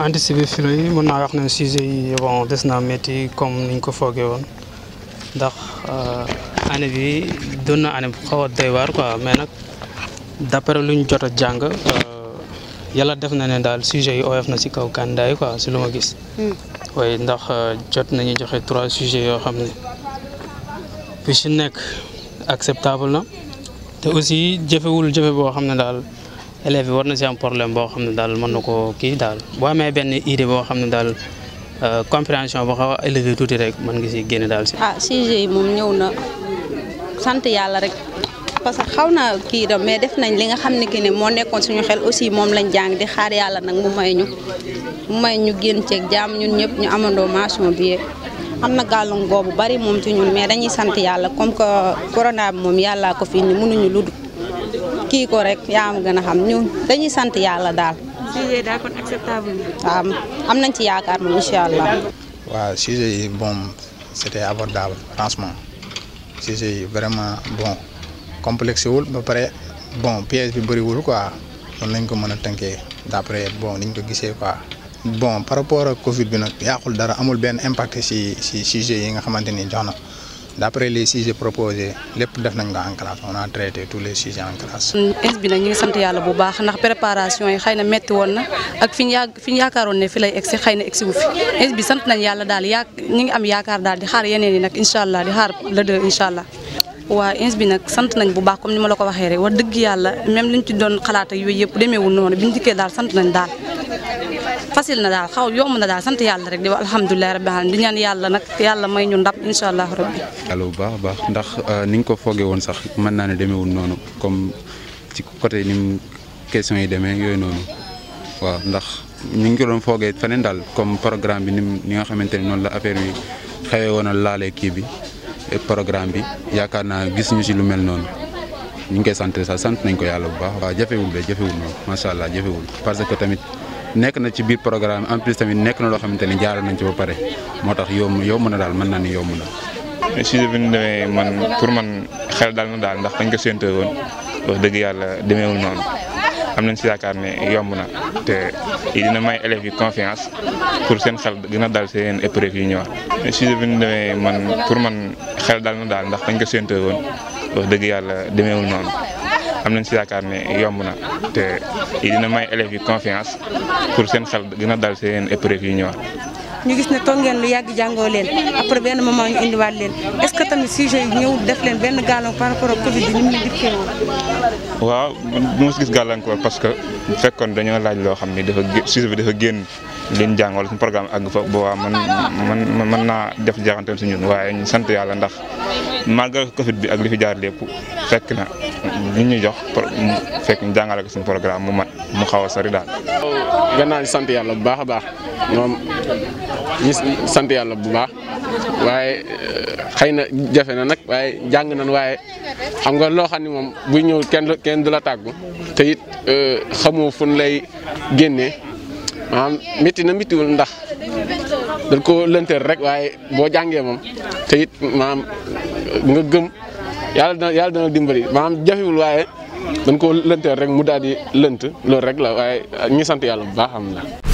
anticipé bi filo yi mën naa wax ne sujet yi bon des naa métti comme niñ ko foogee woon ndax euh, année bi doon na année bu xaw a doy waar quoi mais nag d'après luñ jot a jàng euh, yàlla def na ne daal sujet yi oyof na ci kaw candidat yi si lu ma gis waaye hmm. ndax euh, jot nañu joxe trois sujets yoo xam ne bi si nekk acceptable na te aussi jëfewul jëfe boo xam ne daal élèves yi war na si am problème boo xam ne daal mën na koo kii daal boo amee benn idée boo xam ne daal euh, compréhension boo xaw a tuuti rek mën nga si daal si. ah sujet yi moom ñëw na sant yàlla rek parce que xaw naa kii da mais def nañ li nga xam ne que ne moo nekkoon suñu xel aussi moom lañ jàng di xaar yàlla nag may ñu mu may ñu génn ceeg jàmm ñun ñëpp ñu amandoo mention bi am na gàllankoor bu bari moom ci ñun mais dañuy sant yàlla comme que corona bi moom yàllaa ko fi indi mënuñu lu kii ko rek yaa ma gën a xam ñu dañuy sant yàlla daal. sujet waaw am nañ ci yaakaar moom incha allah. waaw sujet yi bon c'était abordable franchement sujet yi vraiment bon complexe wul ba pare bon pièce bi bëriwul quoi noonu lañ ko mën a tënkee d'après bon niñ ko gisee quoi. bon par rapport ak Covid bi nag yàqul dara amul benn impact si si sujet yi nga xamante ni jox na. d'après les sujets proposés lépp def nañ ko en classe on a traité tous les sujets en classe. is bi nag ñu ngi sant yàlla bu baax ndax préparation yi xëy na metti woon na ak fi ñu ya fi ñu yaakaaroon ne fi lay egsi xëy na egsi wu fi is sant nañ yàlla daal yaa ñu ngi am yaakaar daal di xaar yeneen yi nag incha allah di xaar le deux incha waa ins bi nag sant nañ bu baax comme ni ma la ko waxee rek wax dëgg yàlla même liñ ci doon xalaat ak yooyu yëpp demeewul noonu biñ dikkee daal sant nañ daal facile na daal xaw yomb na daal sant yàlla rek di wax alhamdulilah rabbil ñaan yàlla nag yàlla may ñu ndam incha allahu rabbi bu baax baax ndax euh, ni ko foogee woon sax mën naa ne demeewul noonu comme ci côté ni question yi demee yooyu noonu waaw ndax ñu ngi ko doon foogee feneen daal comme programme bi ni ni nga xamante ne noonu la affaire bi xewee woon a laalee kii bi programme bi yaakaar naa gis ñu si lu mel noonu ñu ngi koy sant sax sant nañ ko yàlla bu baax waaw jafewul de jafewul moom macha allah jafewul parce que tamit nekk na ci biir programme en plus tamit nekk na loo xamante ne jaar nañ ci ba pare moo tax yomb yomb na daal man naa ni yomb na. sujet bi demee man pour man xel daal na daal ndax dañ ko séntu woon wax dëgg yàlla demeewul noonu. am nañ si yaakaar ne yomb na te dina may élèves yi confiance pour seen xel dina daal seen épreuve yi ñëwaat. sujet bi ñu man pour man xel dal na daal ndax fañ ko séentoo woon wax dëgg yàlla demeewul am nañ si yaakaar ne yomb na te dina may élèves yi confiance pour seen xel dina dal seen épreuve yi ñëwaat. ñu gis ne toog ngeen lu yàgg jàngoo leen après benn moment ñu indiwaat leen est-ce que tamit sujet yi ñëw def leen benn gàllankoor par rapport ak Covid ni mu leen dikkee woon. waaw mos gis gàllankoor parce que fekkoon dañoo laaj loo xam ni dafa sujet bi dafa génn. liñ jàng wala suñu programme àgg fa boobaa man man mën naa def jaxanteen si ñun waaye ñu sant yàlla ndax malgré Covid bi ak li fi jaar lépp fekk na ñu ñu jox fekk ñu jàngale ko suñu programme mu mat mu xaw a sori daal. gannaaw ñu sant yàlla bu baax a baax moom ñu sant yàlla bu baax waaye eh, xëy na jafe na nag waaye jàng nañ waaye xam nga loo xam ne moom bu ñëw kenn kenn du la tàggu te it eh, xamoo fu ñu lay génnee. maanaam métti na méttiwul ndax dañ ko lëntër rek waaye boo jàngee moom te it maanaam nga gëm yàlla dana yàlla dana dimbali maanaam jafewul waaye dañ ko lëntër rek mu daal di lënt loolu rek la waaye ñu sant yàlla bu baax am na